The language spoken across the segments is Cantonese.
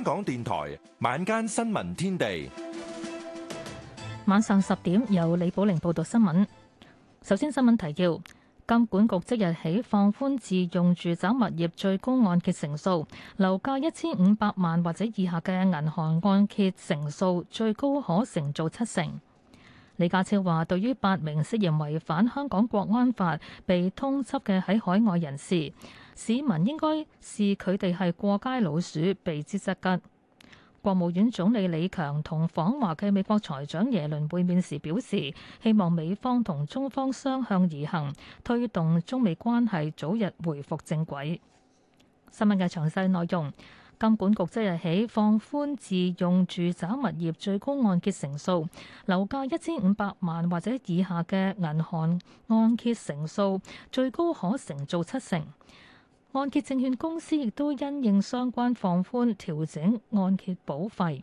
香港電台晚間新聞天地，晚上十點由李寶玲報道新聞。首先，新聞提要：金管局即日起放寬自用住宅物業最高按揭成數，樓價一千五百萬或者以下嘅銀行按揭成數最高可承做七成。李家超話，對於八名涉嫌違反香港國安法被通緝嘅喺海外人士。市民應該視佢哋係過街老鼠，避之則吉。國務院總理李強同訪華嘅美國財長耶倫會面時表示，希望美方同中方相向而行，推動中美關係早日回復正軌。新聞嘅詳細內容：金管局即日起放寬自用住宅物業最高按揭成數，樓價一千五百萬或者以下嘅銀行按揭成數最高可承做七成。按揭證券公司亦都因應相關放寬調整按揭保費。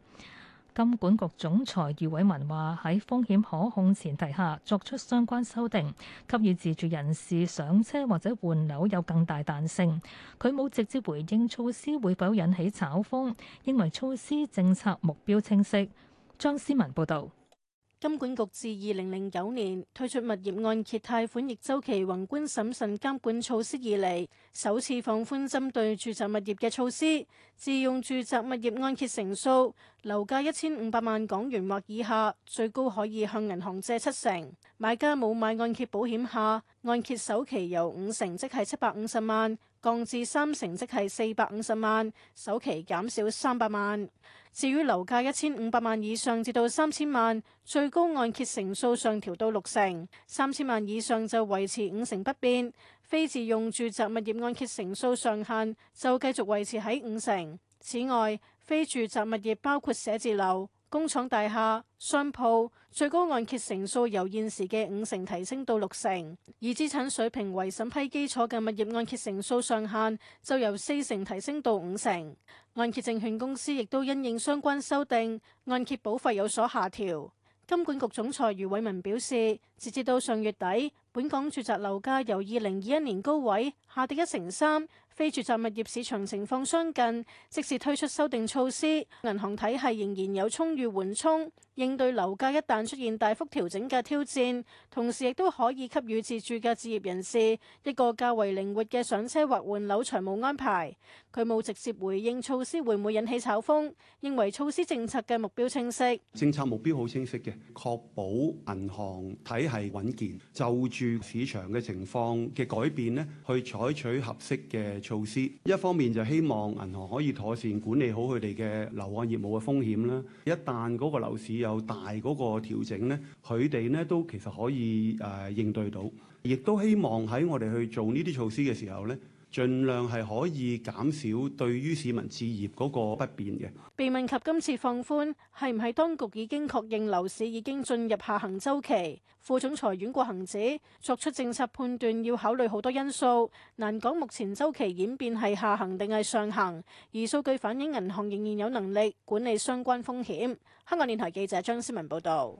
金管局總裁余偉文話：喺風險可控前提下作出相關修訂，給予自住人士上車或者換樓有更大彈性。佢冇直接回應措施會否引起炒風，認為措施政策目標清晰。張思文報導。金管局自二零零九年推出物業按揭貸款逆周期宏觀審慎監管措施以嚟，首次放寬針對住宅物業嘅措施。自用住宅物業按揭成數，樓價一千五百萬港元或以下，最高可以向銀行借七成。買家冇買按揭保險下，按揭首期由五成即係七百五十萬，降至三成即係四百五十萬，首期減少三百萬。至於樓價一千五百萬以上至到三千萬，最高按揭成數上調到六成。三千萬以上就維持五成不變，非自用住宅物業按揭成數上限就繼續維持喺五成。此外，非住宅物業包括寫字樓、工廠大廈、商鋪最高按揭成數由現時嘅五成提升到六成，以資產水平為審批基礎嘅物業按揭成數上限就由四成提升到五成。按揭證券公司亦都因應相關修訂，按揭保費有所下調。金管局總裁余偉文表示，截至到上月底，本港住宅樓價由二零二一年高位下跌一成三。非住宅物業市場情況相近，即使推出修訂措施，銀行體系仍然有充裕緩衝。應對樓價一旦出現大幅調整嘅挑戰，同時亦都可以給予自住嘅置業人士一個較為靈活嘅上車或換樓財務安排。佢冇直接回應措施會唔會引起炒風，認為措施政策嘅目標清晰，政策目標好清晰嘅，確保銀行體系穩健，就住市場嘅情況嘅改變咧，去採取合適嘅措施。一方面就希望銀行可以妥善管理好佢哋嘅樓按業務嘅風險啦。一旦嗰個樓市有大嗰個調整咧，佢哋咧都其實可以誒、呃、應對到，亦都希望喺我哋去做呢啲措施嘅時候咧。儘量係可以減少對於市民置業嗰個不便嘅。被問及今次放寬係唔係當局已經確認樓市已經進入下行周期，副總裁阮國恒指作出政策判斷要考慮好多因素，難講目前周期演變係下行定係上行。而數據反映銀行仍然有能力管理相關風險。香港電台記者張思文報道。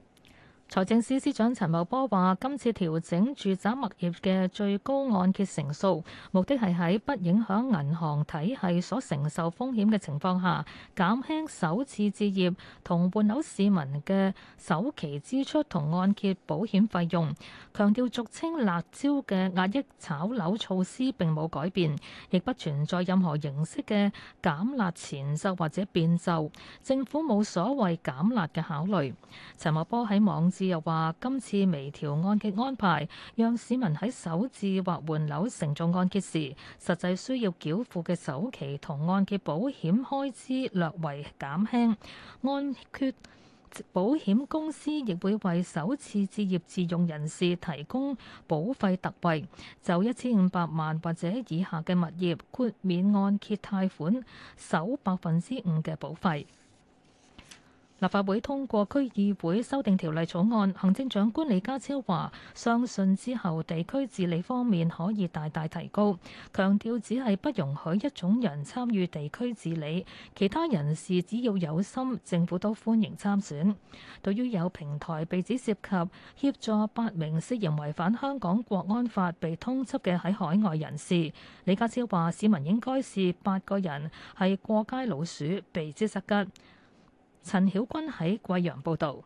財政司司長陳茂波話：今次調整住宅物業嘅最高按揭成數，目的係喺不影響銀行體系所承受風險嘅情況下，減輕首次置業同換樓市民嘅首期支出同按揭保險費用。強調俗稱辣椒嘅壓抑炒樓措施並冇改變，亦不存在任何形式嘅減辣前奏或者變奏。政府冇所謂減辣嘅考慮。陳茂波喺網。又話今次微調按揭安排，讓市民喺首次或換樓承造按揭時，實際需要繳付嘅首期同按揭保險開支略為減輕。按揭保險公司亦會為首次置業自用人士提供保費特惠，就一千五百萬或者以下嘅物業豁免按揭貸款首百分之五嘅保費。立法會通過區議會修訂條例草案，行政長官李家超話：相信之後地區治理方面可以大大提高，強調只係不容許一種人參與地區治理，其他人士只要有心，政府都歡迎參選。對於有平台被指涉及協助八名涉嫌違反香港國安法被通緝嘅喺海外人士，李家超話：市民應該視八個人係過街老鼠，避之則吉。陳曉君喺貴陽報道，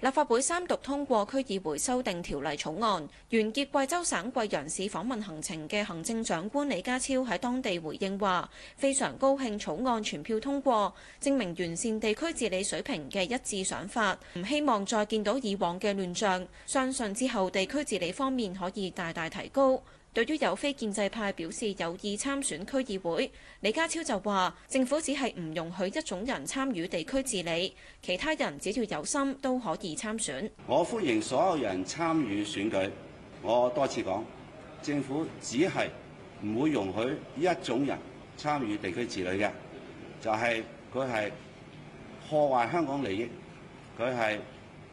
立法會三讀通過區議會修訂條例草案，完結貴州省貴陽市訪問行程嘅行政長官李家超喺當地回應話：非常高興草案全票通過，證明完善地區治理水平嘅一致想法，唔希望再見到以往嘅亂象，相信之後地區治理方面可以大大提高。對於有非建制派表示有意參選區議會，李家超就話：政府只係唔容許一種人參與地區治理，其他人只要有心都可以參選。我歡迎所有人參與選舉。我多次講，政府只係唔會容許一種人參與地區治理嘅，就係佢係破壞香港利益，佢係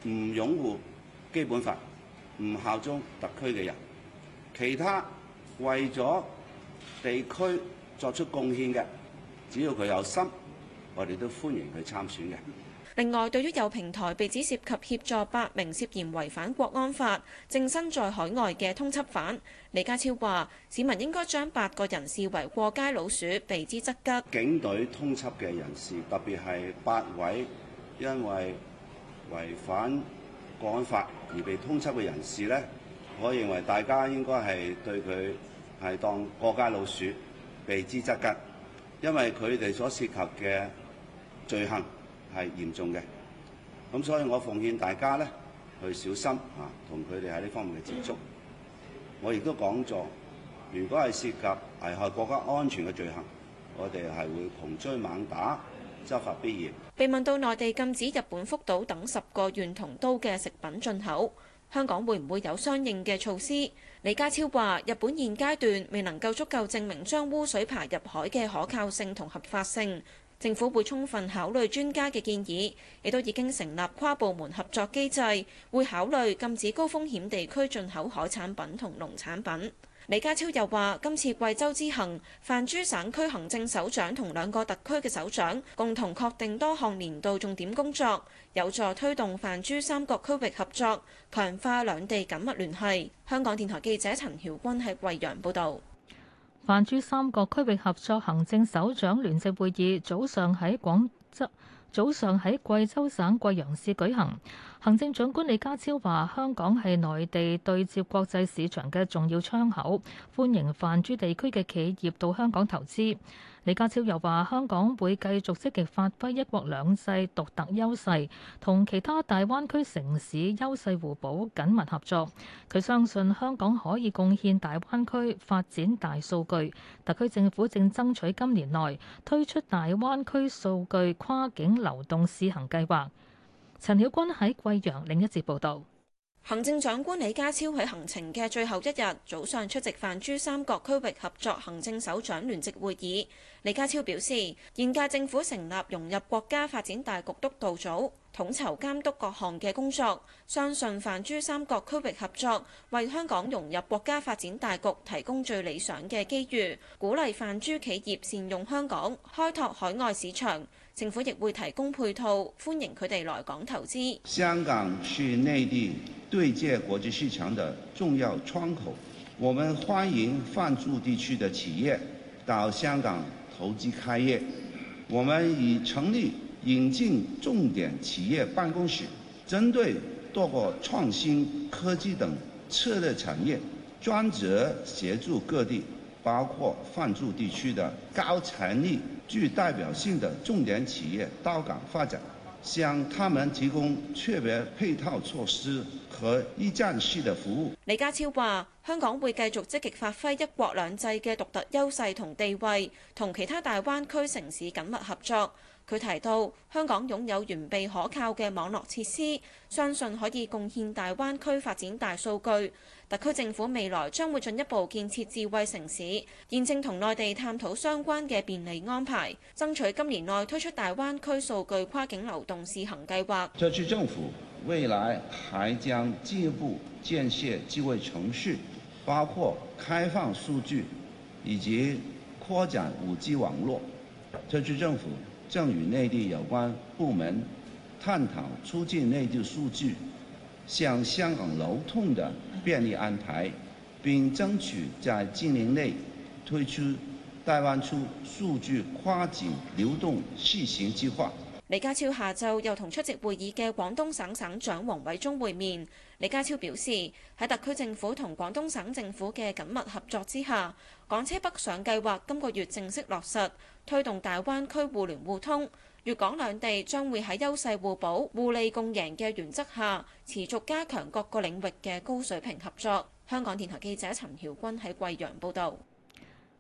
唔擁護基本法、唔效忠特區嘅人。其他為咗地區作出貢獻嘅，只要佢有心，我哋都歡迎佢參選嘅。另外，對於有平台被指涉及協助八名涉嫌違反國安法、正身在海外嘅通緝犯，李家超話：市民應該將八個人視為過街老鼠，避之則吉。警隊通緝嘅人士，特別係八位因為違反國安法而被通緝嘅人士呢。我認為大家應該係對佢係當過街老鼠，避之則吉，因為佢哋所涉及嘅罪行係嚴重嘅。咁所以我奉勸大家咧，去小心啊，同佢哋喺呢方面嘅接觸。我亦都講咗，如果係涉及危害國家安全嘅罪行，我哋係會窮追猛打，執法必嚴。被問到內地禁止日本福島等十個縣同都嘅食品進口。香港會唔會有相應嘅措施？李家超話：日本現階段未能夠足夠證明將污水排入海嘅可靠性同合法性，政府會充分考慮專家嘅建議，亦都已經成立跨部門合作機制，會考慮禁止高風險地區進口海產品同農產品。李家超又話：今次貴州之行，泛珠省區行政首長同兩個特區嘅首長共同確定多項年度重點工作，有助推動泛珠三角區域合作，強化兩地緊密聯繫。香港電台記者陳曉君喺貴陽報導。泛珠三角區域合作行政首長聯席會議早上喺廣州，早上喺貴州省貴陽市舉行。行政長官李家超話：香港係內地對接國際市場嘅重要窗口，歡迎泛珠地區嘅企業到香港投資。李家超又話：香港會繼續積極發揮一國兩制獨特優勢，同其他大灣區城市優勢互補，緊密合作。佢相信香港可以貢獻大灣區發展大數據。特區政府正爭取今年內推出大灣區數據跨境流動試行計劃。陳曉君喺貴陽。另一節報道，行政長官李家超喺行程嘅最後一日早上出席泛珠三角區域合作行政首長聯席會議。李家超表示，現屆政府成立融入國家發展大局督導組統籌監督各項嘅工作。相信泛珠三角區域合作為香港融入國家發展大局提供最理想嘅機遇，鼓勵泛珠企業善用香港，開拓海外市場，政府亦會提供配套，歡迎佢哋來港投資。香港是內地對接國際市場的重要窗口，我們歡迎泛珠地區嘅企業到香港投資開業，我們已成立引進重點企業辦公室，針對多個創新科技等策略產業，專責協助各地，包括泛珠地區的高潛力、具代表性的重點企業到港發展。向他們提供特別配套措施和一站式嘅服務。李家超話：香港會繼續積極發揮一國兩制嘅獨特優勢同地位，同其他大灣區城市緊密合作。佢提到，香港擁有完備可靠嘅網絡設施，相信可以貢獻大灣區發展大數據。特區政府未來將會進一步建設智慧城市，現正同內地探討相關嘅便利安排，爭取今年內推出大灣區數據跨境流動試行計劃。特區政府未來還將進一步建設智慧城市，包括開放數據以及擴展五 G 網絡。特區政府。正與內地有關部門探討促進內地數據向香港流通的便利安排，並爭取在今年內推出大灣區數據跨境流動試行計劃。李家超下晝又同出席會議嘅廣東省省長王偉中會面。李家超表示，喺特區政府同廣東省政府嘅緊密合作之下，港車北上計劃今個月正式落實。推動大灣區互聯互通，粵港兩地將會喺優勢互補、互利共贏嘅原則下，持續加強各個領域嘅高水平合作。香港電台記者陳曉君喺貴陽報道。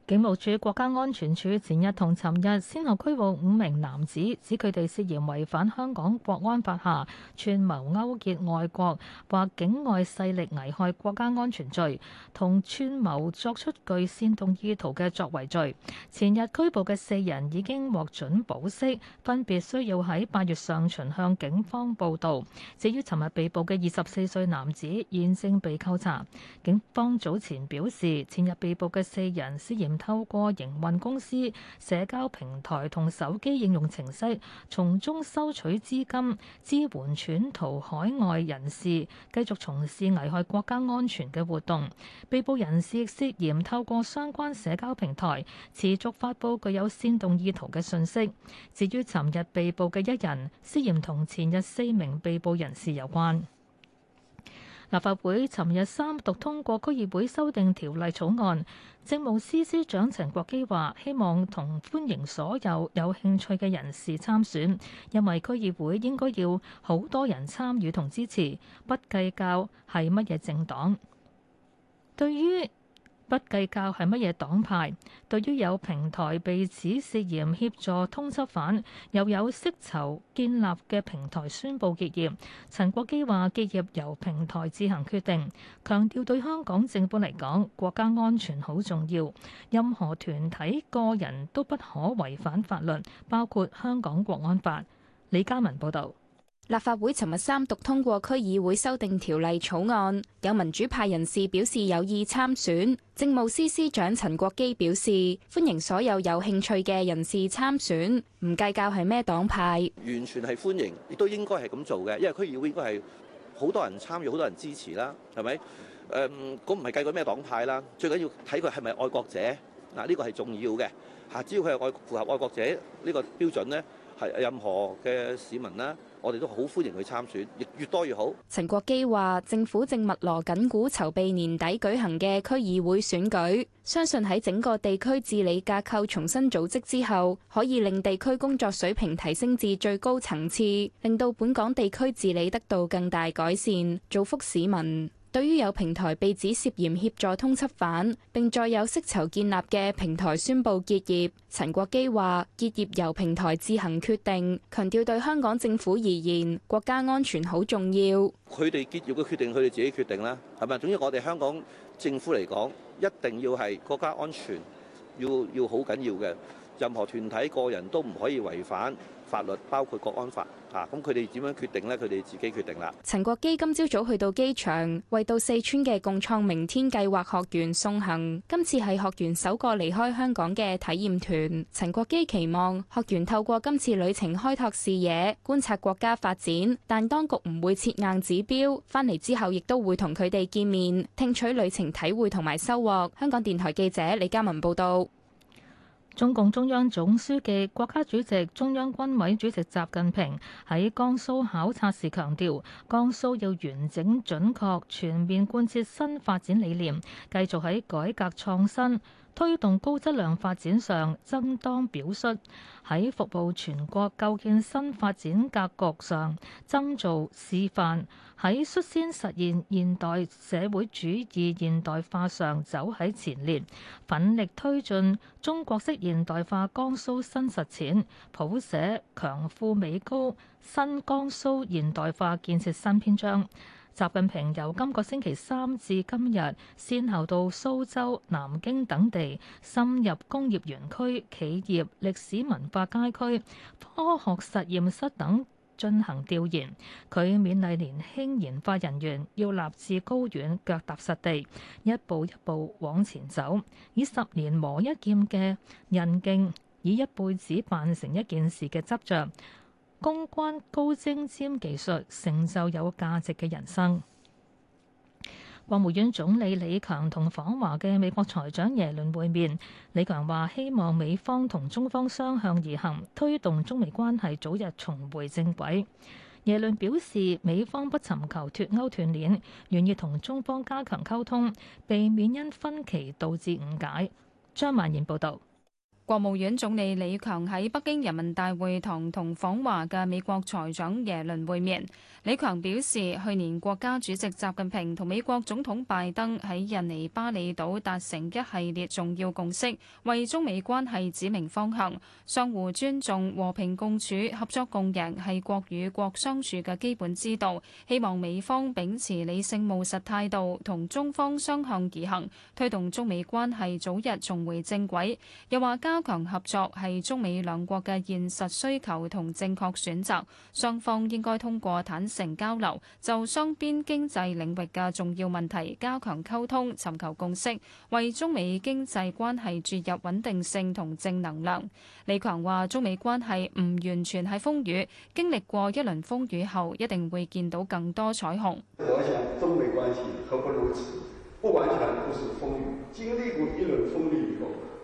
警務處國家安全處前日同尋日先後拘捕五名男子，指佢哋涉嫌違反香港國安法下串謀勾結外國或境外勢力危害國家安全罪，同串謀作出具煽動意圖嘅作為罪。前日拘捕嘅四人已經獲准保釋，分別需要喺八月上旬向警方報到。至於尋日被捕嘅二十四歲男子，現正被扣查。警方早前表示，前日被捕嘅四人涉嫌。透過營運公司、社交平台同手機應用程式，從中收取資金，支援潛逃海外人士繼續從事危害國家安全嘅活動。被捕人士涉嫌透過相關社交平台持續發布具有煽動意圖嘅訊息。至於尋日被捕嘅一人，涉嫌同前日四名被捕人士有關。立法會尋日三讀通過區議會修訂條例草案，政務司司長陳國基話：希望同歡迎所有有興趣嘅人士參選，因為區議會應該要好多人參與同支持，不計較係乜嘢政黨。對於不計較係乜嘢黨派，對於有平台被指涉嫌協助通緝犯，又有薪酬建立嘅平台宣佈結業，陳國基話：結業由平台自行決定，強調對香港政府嚟講，國家安全好重要，任何團體個人都不可違反法律，包括香港國安法。李嘉文報導。立法會尋日三讀通過區議會修訂條例草案，有民主派人士表示有意參選。政務司司長陳國基表示歡迎所有有興趣嘅人士參選，唔計較係咩黨派，完全係歡迎，亦都應該係咁做嘅，因為區議會應該係好多人參與，好多人支持啦，係咪？誒、嗯，咁唔係計過咩黨派啦，最緊要睇佢係咪愛國者嗱，呢個係重要嘅。只要佢係愛符合愛國者呢個標準咧，係任何嘅市民啦。我哋都好歡迎佢參選，亦越多越好。陳國基話：政府正密鑼緊鼓籌備年底舉行嘅區議會選舉，相信喺整個地區治理架構重新組織之後，可以令地區工作水平提升至最高層次，令到本港地區治理得到更大改善，造福市民。對於有平台被指涉嫌協助通緝犯並在有色籌建立嘅平台宣布結業,陳國基話,結業由平台自行決定,強調對香港政府而言,國家安全好重要。佢哋結業嘅決定,佢哋自己決定啦,係咪?總之我哋香港政府嚟講,一定要係國家安全,要,要好緊要嘅,任何團體個人都唔可以違反。法律包括國安法，嚇咁佢哋點樣決定咧？佢哋自己決定啦。陳國基今朝早去到機場，為到四川嘅共創明天計劃學員送行。今次係學員首個離開香港嘅體驗團。陳國基期望學員透過今次旅程開拓視野、觀察國家發展，但當局唔會設硬指標。翻嚟之後亦都會同佢哋見面，聽取旅程體會同埋收穫。香港電台記者李嘉文報道。中共中央總書記、國家主席、中央軍委主席習近平喺江蘇考察時強調，江蘇要完整、準確、全面貫徹新發展理念，繼續喺改革創新，推動高質量發展上，爭當表率；喺服務全國構建新發展格局上，爭做示範；喺率先實現現代社會主義現代化上，走喺前列，奮力推進中國式現代化江蘇新實踐，譜寫強富美高新江蘇現代化建設新篇章。習近平由今個星期三至今日，先後到蘇州、南京等地，深入工業園區、企業、歷史文化街區、科學實驗室等進行調研。佢勉勵年輕研發人員要立志高遠，腳踏實地，一步一步往前走，以十年磨一劍嘅韌勁，以一輩子辦成一件事嘅執著。攻關高精尖技術，成就有價值嘅人生。國務院總理李強同訪華嘅美國財長耶倫會面。李強話：希望美方同中方相向而行，推動中美關係早日重回正軌。耶倫表示，美方不尋求脫歐斷鏈，願意同中方加強溝通，避免因分歧導致誤解。張曼然報導。國務院總理李強喺北京人民大會堂同訪華嘅美國財長耶倫會面，李強表示，去年國家主席習近平同美國總統拜登喺印尼巴厘島達成一系列重要共識，為中美關係指明方向。相互尊重、和平共處、合作共贏係國與國相處嘅基本之道。希望美方秉持理性務實態度同中方雙向而行，推動中美關係早日重回正軌。又話加加強合作係中美兩國嘅現實需求同正確選擇，雙方應該通過坦誠交流，就雙邊經濟領域嘅重要問題加強溝通，尋求共識，為中美經濟關係注入穩定性同正能量。李強話：中美關係唔完全係風雨，經歷過一輪風雨後，一定會見到更多彩虹。我想中美關係何不如此？不完全不是風雨，經歷過一輪風雨後。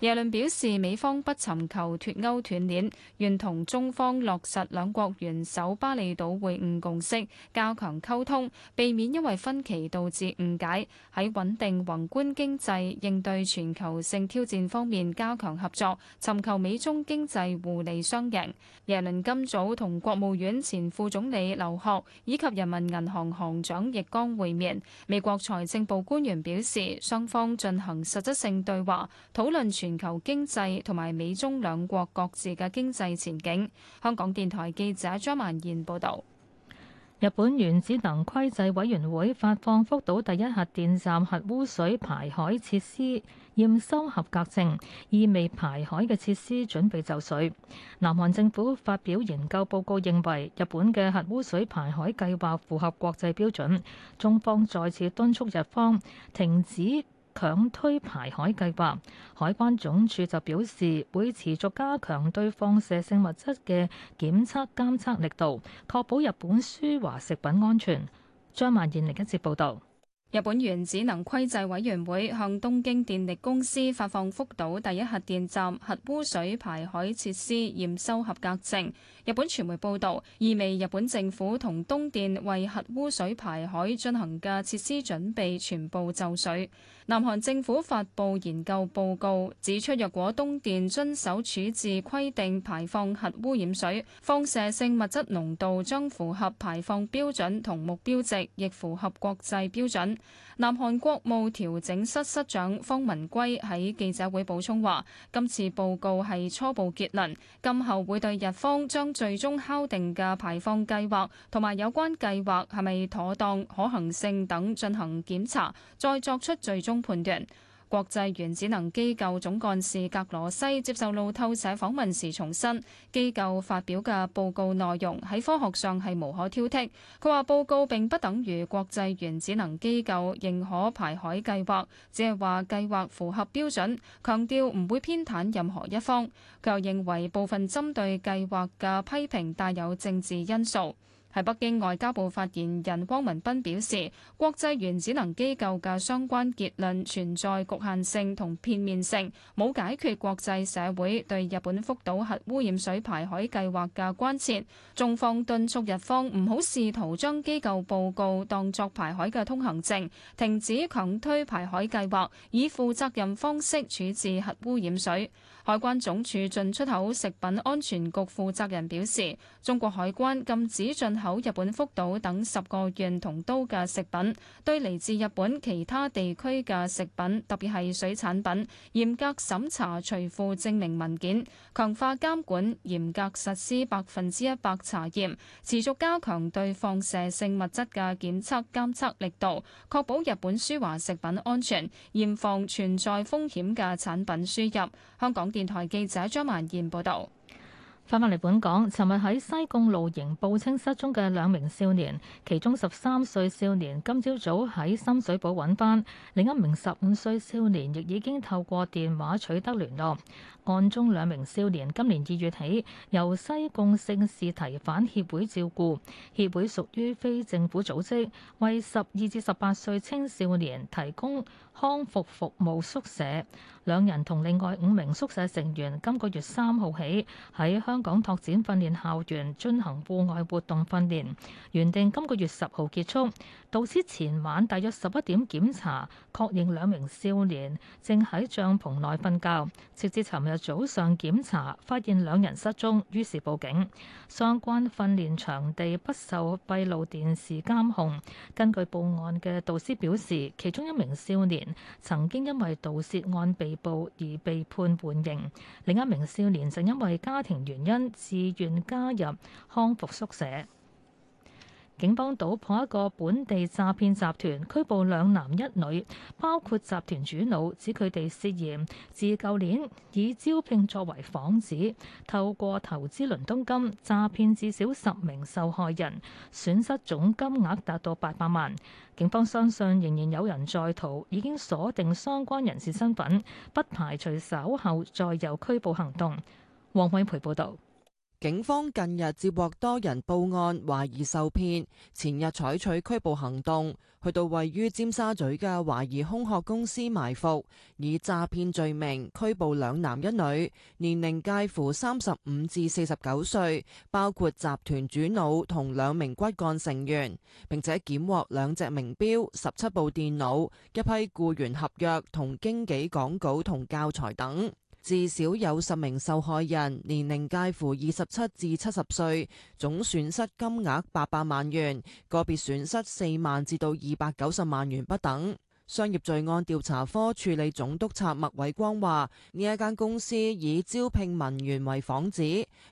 耶倫表示，美方不尋求脱歐斷鏈，願同中方落實兩國元首巴厘島會晤共識，加強溝通，避免因為分歧導致誤解，喺穩定宏觀經濟、應對全球性挑戰方面加強合作，尋求美中經濟互利雙贏。耶倫今早同國務院前副總理劉鶴以及人民銀行行長易綱會面，美國財政部官員表示，雙方進行實質性對話，討論全全球經濟同埋美中兩國各自嘅經濟前景。香港電台記者張曼燕報導，日本原子能規制委員會發放福島第一核電站核污水排海設施驗收合格證，意味排海嘅設施準備就緒。南韓政府發表研究報告，認為日本嘅核污水排海計劃符合國際標準。中方再次敦促日方停止強推排海計劃，海關總署就表示會持續加強對放射性物質嘅檢測監測力度，確保日本輸華食品安全。張曼燕，另一節報導，日本原子能規制委員會向東京電力公司發放福島第一核電站核污水排海設施驗收合格證。日本傳媒報導，意味日本政府同東電為核污水排海進行嘅設施準備全部就緒。南韓政府發布研究報告，指出若果東電遵守處置規定排放核污染水，放射性物質濃度將符合排放標準同目標值，亦符合國際標準。南韓國務調整室室長方文圭喺記者會補充話：今次報告係初步結論，今後會對日方將最終敲定嘅排放計劃同埋有關計劃係咪妥當、可行性等進行檢查，再作出最終判斷。國際原子能機構總幹事格羅西接受路透社訪問時重申，機構發表嘅報告內容喺科學上係無可挑剔。佢話報告並不等於國際原子能機構認可排海計劃，只係話計劃符合標準，強調唔會偏袒任何一方。佢又認為部分針對計劃嘅批評帶有政治因素。喺北京外交部發言人汪文斌表示，國際原子能機構嘅相關結論存在局限性同片面性，冇解決國際社會對日本福島核污染水排海計劃嘅關切，中方敦促日方唔好試圖將機構報告當作排海嘅通行證，停止強推排海計劃，以負責任方式處置核污染水。海關總署進出口食品安全局負責人表示，中國海關禁止進口日本福島等十個縣同都嘅食品，對嚟自日本其他地區嘅食品，特別係水產品，嚴格審查隨附證明文件，強化監管，嚴格實施百分之一百查驗，持續加強對放射性物質嘅檢測監測力度，確保日本輸華食品安全，嚴防存在風險嘅產品輸入。香港電台記者張曼燕報道：翻返嚟本港，尋日喺西貢露營報稱失蹤嘅兩名少年，其中十三歲少年今朝早喺深水埗揾翻，另一名十五歲少年亦已經透過電話取得聯絡。案中兩名少年今年二月起由西貢聖士提反協會照顧，協會屬於非政府組織，為十二至十八歲青少年提供康復服務宿舍。兩人同另外五名宿舍成員今個月三號起喺香港拓展訓練校園進行戶外活動訓練，原定今個月十號結束。導師前晚大約十一點檢查，確認兩名少年正喺帳篷內瞓覺，直至尋日。早上檢查發現兩人失蹤，於是報警。相關訓練場地不受閉路電視監控。根據報案嘅導師表示，其中一名少年曾經因為盜竊案被捕而被判緩刑，另一名少年就因為家庭原因，自願加入康復宿舍。警方搗破一個本地詐騙集團拘捕兩男一女，包括集團主腦指佢哋涉嫌自舊年以招聘作為幌子，透過投資倫敦金詐騙至少十名受害人，損失總金額達到八百萬，警方相信仍然有人在逃，已經鎖定相關人士身份，不排除稍後再有拘捕行動，黃偉培報道。警方近日接獲多人報案懷疑受騙，前日採取拘捕行動，去到位於尖沙咀嘅懷疑空殼公司埋伏，以詐騙罪名拘捕兩男一女，年齡介乎三十五至四十九歲，包括集團主腦同兩名骨幹成員，並且檢獲兩隻名表、十七部電腦、一批雇員合約同經紀講稿同教材等。至少有十名受害人，年齡介乎二十七至七十歲，總損失金額八百萬元，個別損失四萬至到二百九十萬元不等。商業罪案調查科處理總督察麥偉光話：呢一間公司以招聘文員為幌子，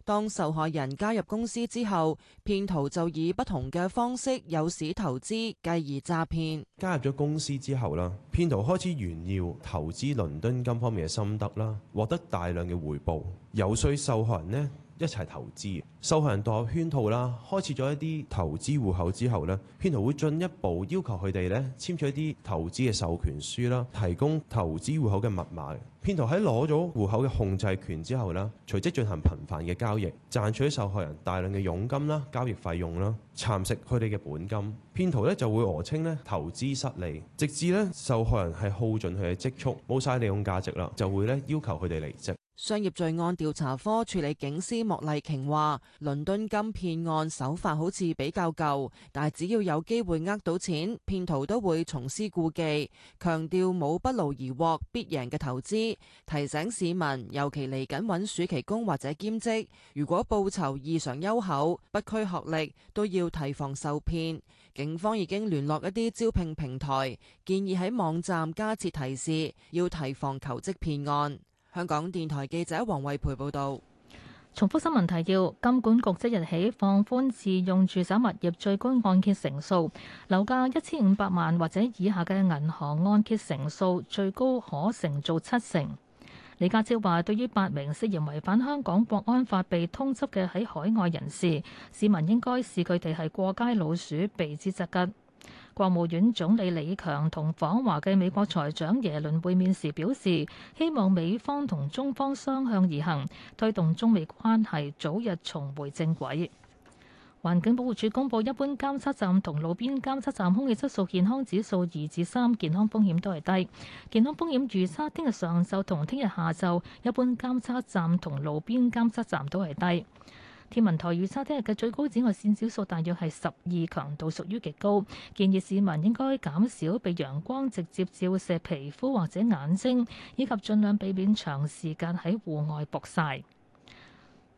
當受害人加入公司之後，騙徒就以不同嘅方式誘使投資，繼而詐騙。加入咗公司之後啦，騙徒開始炫耀投資倫敦金方面嘅心得啦，獲得大量嘅回報，遊說受害人呢，一齊投資，受害人墮入圈套啦。開設咗一啲投資戶口之後呢，騙徒會進一步要求佢哋呢，簽取一啲投資嘅授權書啦，提供投資戶口嘅密碼嘅。騙徒喺攞咗戶口嘅控制權之後呢，隨即進行頻繁嘅交易，賺取受害人大量嘅佣金啦、交易費用啦，蠶食佢哋嘅本金。騙徒呢就會訛稱咧投資失利，直至呢受害人係耗盡佢嘅積蓄，冇晒利用價值啦，就會咧要求佢哋離職。商業罪案調查科處理警司莫麗瓊話，倫敦金騙案手法好似比較舊，但係只要有機會呃到錢，騙徒都會重施故技。強調冇不勞而獲必贏嘅投資，提醒市民尤其嚟緊揾暑期工或者兼職，如果報酬異常優厚、不拘學歷，都要提防受騙。警方已經聯絡一啲招聘平台，建議喺網站加設提示，要提防求職騙案。香港電台記者黃慧培報道，重複新聞提要：金管局即日起放寬自用住宅物業最高按揭成數，樓價一千五百萬或者以下嘅銀行按揭成數最高可承做七成。李家超話，對於八名涉嫌違反香港國安法被通緝嘅喺海外人士，市民應該視佢哋係過街老鼠，避之則吉。國務院總理李強同訪華嘅美國財長耶倫會面時表示，希望美方同中方雙向而行，推動中美關係早日重回正軌。環境保護署公布，一般監測站同路邊監測站空氣質素健康指數二至三，健康風險都係低。健康風險預測，聽日上晝同聽日下晝，一般監測站同路邊監測站都係低。天文台預測聽日嘅最高紫外線指數大約係十二，強度屬於極高，建議市民應該減少被陽光直接照射皮膚或者眼睛，以及盡量避免長時間喺戶外曝曬。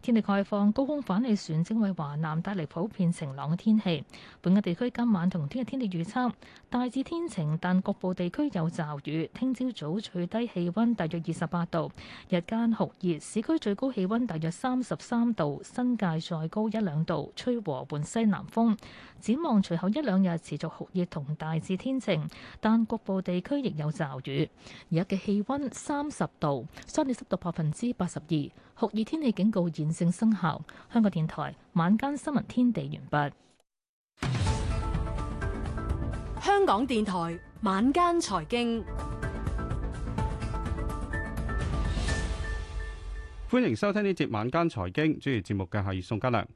天氣概況：高空反氣旋正為華南帶嚟普遍晴朗嘅天氣。本港地區今晚同聽日天氣預測。大致天晴，但局部地區有驟雨。聽朝早最低氣溫大約二十八度，日間酷熱，市區最高氣溫大約三十三度，新界再高一兩度，吹和緩西南風，展望隨後一兩日持續酷熱同大致天晴，但局部地區亦有驟雨。而家嘅氣溫三十度，相對濕度百分之八十二，酷熱天氣警告現正生效。香港電台晚間新聞天地完畢。香港電台晚間財經，歡迎收聽呢節晚間財經，主持節目嘅係宋家良。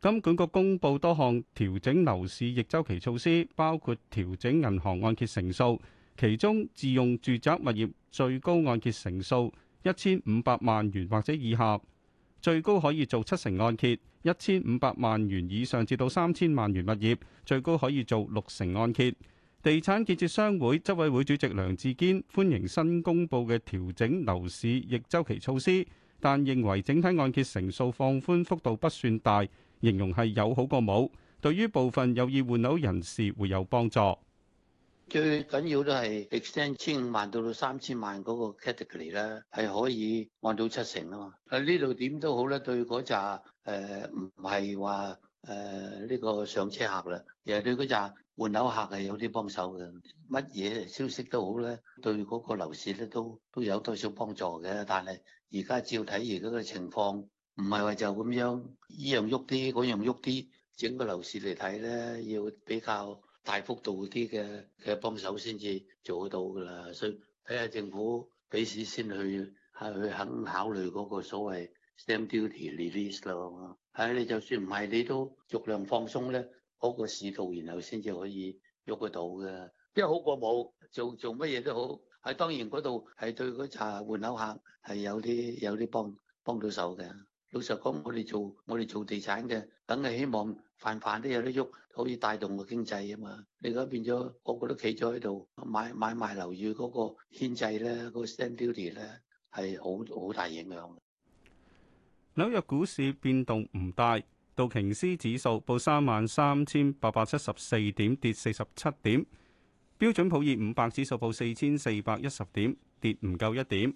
金管局公布多項調整樓市逆周期措施，包括調整銀行按揭成數，其中自用住宅物業最高按揭成數一千五百萬元或者以下，最高可以做七成按揭。一千五百萬元以上至到三千萬元物業，最高可以做六成按揭。地產建設商會執委會主席梁志堅歡迎新公布嘅調整樓市逆周期措施，但認為整體按揭成數放寬幅度不算大，形容係有好過冇，對於部分有意換樓人士會有幫助。最緊要都係 extend 千五萬到到三千萬嗰個 category 咧，係可以按到七成啊嘛。啊呢度點都好咧，對嗰扎誒唔係話誒呢個上車客啦，而係對嗰扎換樓客係有啲幫手嘅。乜嘢消息都好咧，對嗰個樓市咧都都有多少幫助嘅。但係而家照睇而家嘅情況，唔係話就咁樣呢樣喐啲，嗰樣喐啲，整個樓市嚟睇咧，要比較。大幅度啲嘅嘅幫手先至做得到噶啦，所以睇下政府幾時先去嚇去肯考慮嗰個所謂 stamp duty release 啦。嚇、哎、你就算唔係你都逐量放鬆咧，嗰個市道然後先至可以喐得到嘅，因為好過冇做，做乜嘢都好。係、啊、當然嗰度係對嗰茶換口客係有啲有啲幫幫到手嘅，老實講我哋做我哋做地產嘅。等係希望凡凡都有得喐，可以帶動個經濟啊嘛！你而家變咗個個都企咗喺度買買賣樓宇嗰個牽制咧，嗰、嗰個 stamp duty 咧，係好好大影響。紐約股市變動唔大，道瓊斯指數報三萬三千八百七十四點，跌四十七點；標準普爾五百指數報四千四百一十點，跌唔夠一點。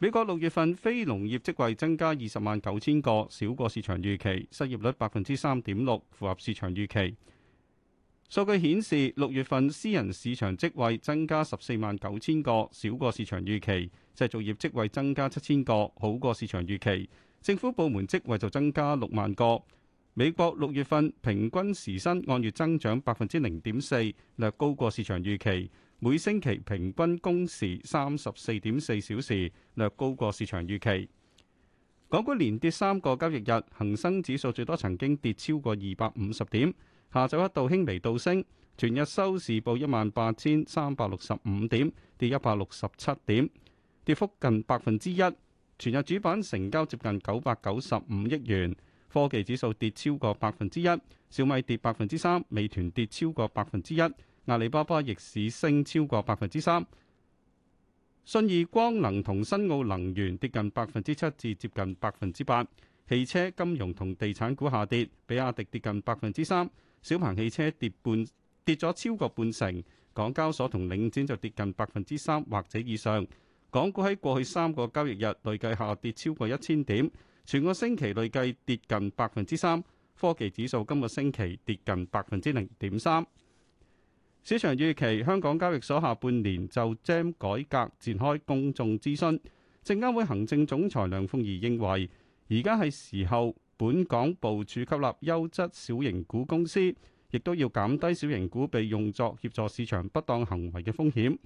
美國六月份非農業職位增加二十萬九千個，少過市場預期；失業率百分之三點六，符合市場預期。數據顯示，六月份私人市場職位增加十四萬九千個，少過市場預期；製造業職位增加七千個，好過市場預期；政府部門職位就增加六萬個。美國六月份平均時薪按月增長百分之零點四，略高過市場預期。每星期平均工時三十四點四小時，略高過市場預期。港股連跌三個交易日，恒生指數最多曾經跌超過二百五十點。下晝一度輕微倒升，全日收市報一萬八千三百六十五點，跌一百六十七點，跌幅近百分之一。全日主板成交接近九百九十五億元。科技指數跌超過百分之一，小米跌百分之三，美團跌超過百分之一。阿里巴巴逆市升超過百分之三，信義光能同新奧能源跌近百分之七至接近百分之八，汽車、金融同地產股下跌，比亞迪跌近百分之三，小鵬汽車跌半，跌咗超過半成，港交所同領展就跌近百分之三或者以上。港股喺過去三個交易日累計下跌超過一千點，全個星期累計跌近百分之三，科技指數今個星期跌近百分之零點三。市場預期香港交易所下半年就 GEM 改革展開公眾諮詢。證監會行政總裁梁鳳儀認為，而家係時候本港部署吸納優質小型股公司，亦都要減低小型股被用作協助市場不當行為嘅風險。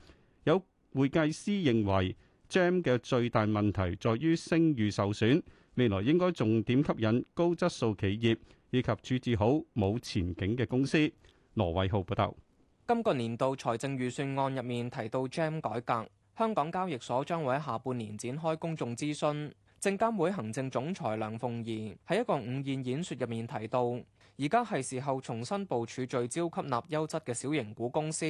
有會計師認為 GEM 嘅最大問題在於聲譽受損，未來應該重點吸引高質素企業，以及處置好冇前景嘅公司。羅偉浩報道。今個年度財政預算案入面提到 GEM 改革，香港交易所將會喺下半年展開公眾諮詢。證監會行政總裁梁鳳儀喺一個午宴演說入面提到，而家係時候重新部署聚焦吸納優質嘅小型股公司，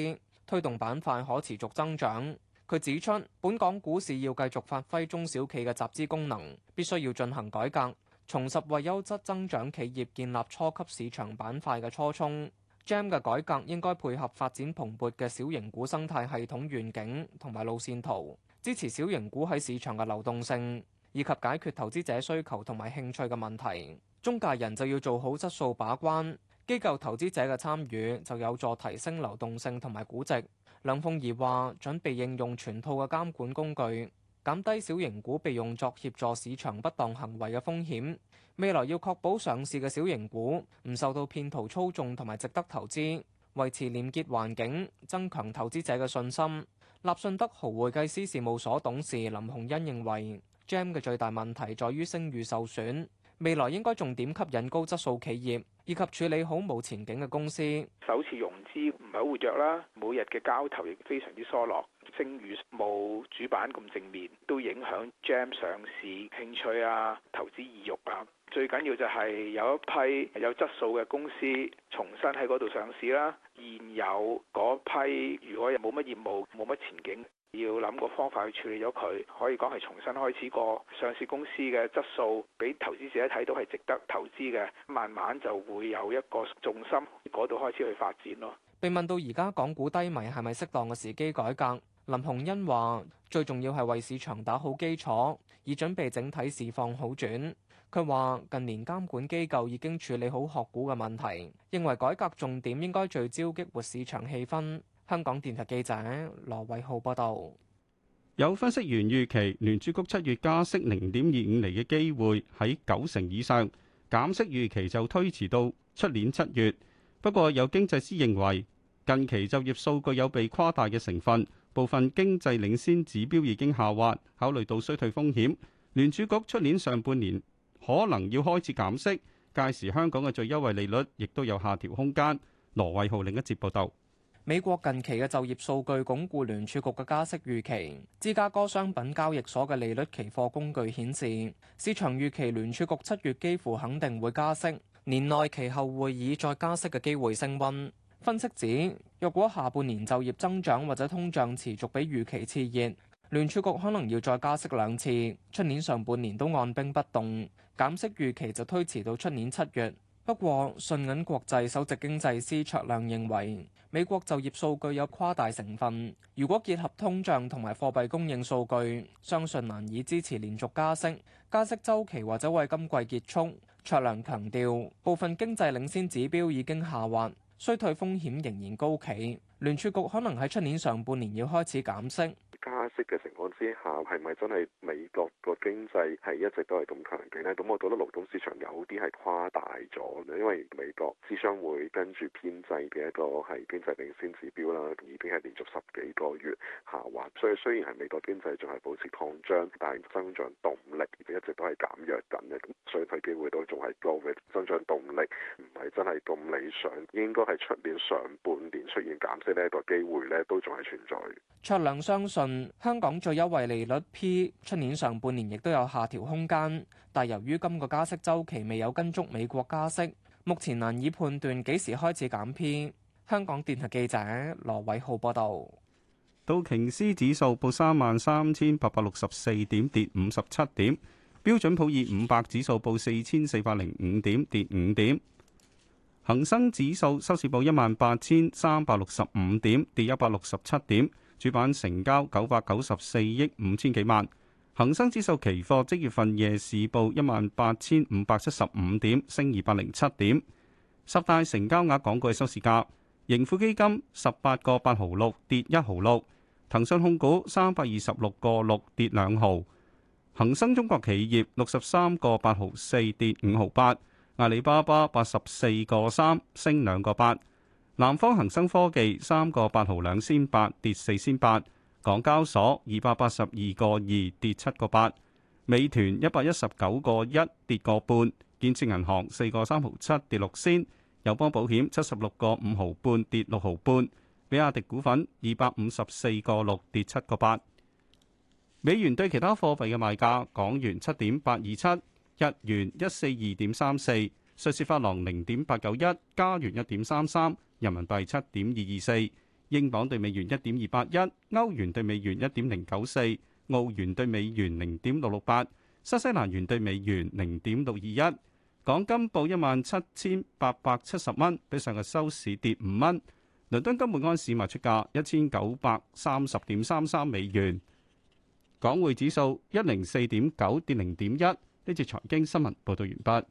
推動板塊可持續增長。佢指出，本港股市要繼續發揮中小企嘅集資功能，必須要進行改革，重拾為優質增長企業建立初級市場板塊嘅初衷。Jam 嘅改革應該配合發展蓬勃嘅小型股生態系統願景同埋路線圖，支持小型股喺市場嘅流動性，以及解決投資者需求同埋興趣嘅問題。中介人就要做好質素把關，機構投資者嘅參與就有助提升流動性同埋估值。梁鳳儀話：準備應用全套嘅監管工具。減低小型股被用作協助市場不當行為嘅風險，未來要確保上市嘅小型股唔受到騙徒操縱同埋值得投資，維持廉潔環境，增強投資者嘅信心。立信德豪會計師事務所董事林洪恩認為 GEM 嘅最大問題在於聲譽受損，未來應該重點吸引高質素企業，以及處理好冇前景嘅公司。首次用。唔係好活躍啦，每日嘅交投亦非常之疏落，聲譽冇主板咁正面，都影響 GEM 上市興趣啊、投資意欲啊。最緊要就係有一批有質素嘅公司重新喺嗰度上市啦。現有嗰批如果又冇乜業務、冇乜前景，要諗個方法去處理咗佢，可以講係重新開始過上市公司嘅質素，俾投資者睇到係值得投資嘅。慢慢就會有一個重心嗰度開始去發展咯。被問到而家港股低迷係咪適當嘅時機改革，林鴻欣話：最重要係為市場打好基礎，以準備整體市況好轉。佢話近年監管機構已經處理好學股嘅問題，認為改革重點應該聚焦激活市場氣氛。香港電台記者羅偉浩報道。有分析員預期聯儲局七月加息0.25厘嘅機會喺九成以上，減息預期就推遲到出年七月。不過，有經濟師認為近期就業數據有被誇大嘅成分，部分經濟領先指標已經下滑。考慮到衰退風險，聯儲局出年上半年可能要開始減息，屆時香港嘅最優惠利率亦都有下調空間。羅偉浩另一節報導，美國近期嘅就業數據鞏固聯儲局嘅加息預期，芝加哥商品交易所嘅利率期貨工具顯示，市場預期聯儲局七月幾乎肯定會加息。年內其後會議再加息嘅機會升溫。分析指，若果下半年就業增長或者通脹持續比預期熾熱，聯儲局可能要再加息兩次。出年上半年都按兵不動，減息預期就推遲到出年七月。不過，信銀國際首席經濟師卓亮認為，美國就業數據有誇大成分。如果結合通脹同埋貨幣供應數據，相信難以支持連續加息，加息周期或者為今季結束。卓良強調，部分經濟領先指標已經下滑，衰退風險仍然高企。聯儲局可能喺出年上半年要開始減息。加息嘅情況之下，係咪真係美國個經濟係一直都係咁強勁呢？咁我覺得勞動市場有啲係誇大咗，因為美國諮商會跟住編制嘅一個係經濟領先指標啦，已經係連續十幾個月下滑。所以雖然係美國經濟仲係保持擴張，但增長動力亦都一直都係減弱緊嘅。咁所以佢機會都仲係高嘅增長動力，唔係真係咁理想。應該係出年上半年出現減息。呢一個機會呢都仲係存在。卓亮相信香港最優惠利率 P 出年上半年亦都有下調空間，但由於今個加息週期未有跟足美國加息，目前難以判斷幾時開始減 P。香港電台記者羅偉浩報道。道瓊斯指數報三萬三千八百六十四點，跌五十七點。標準普爾五百指數報四千四百零五點，跌五點。恒生指數收市報一萬八千三百六十五點，跌一百六十七點。主板成交九百九十四億五千幾萬。恒生指數期貨即月份夜市報一萬八千五百七十五點，升二百零七點。十大成交額港股嘅收市價：盈富基金十八個八毫六，跌一毫六；騰訊控股三百二十六個六，跌兩毫；恒生中國企業六十三個八毫四，跌五毫八。阿里巴巴八十四個三升兩個八，南方恒生科技三個八毫兩仙八跌四仙八，港交所二百八十二個二跌七個八，美團一百一十九個一跌個半，建設銀行四個三毫七跌六仙，友邦保險七十六個五毫半跌六毫半，比亞迪股份二百五十四個六跌七個八，美元兌其他貨幣嘅賣價，港元七點八二七。日元一四二點三四，瑞士法郎零點八九一，加元一點三三，人民幣七點二二四，英鎊對美元一點二八一，歐元對美元一點零九四，澳元對美元零點六六八，新西蘭元對美元零點六二一。港金報一萬七千八百七十蚊，比上日收市跌五蚊。倫敦金本安市賣出價一千九百三十點三三美元。港匯指數一零四點九跌零點一。呢次財經新聞報道完畢。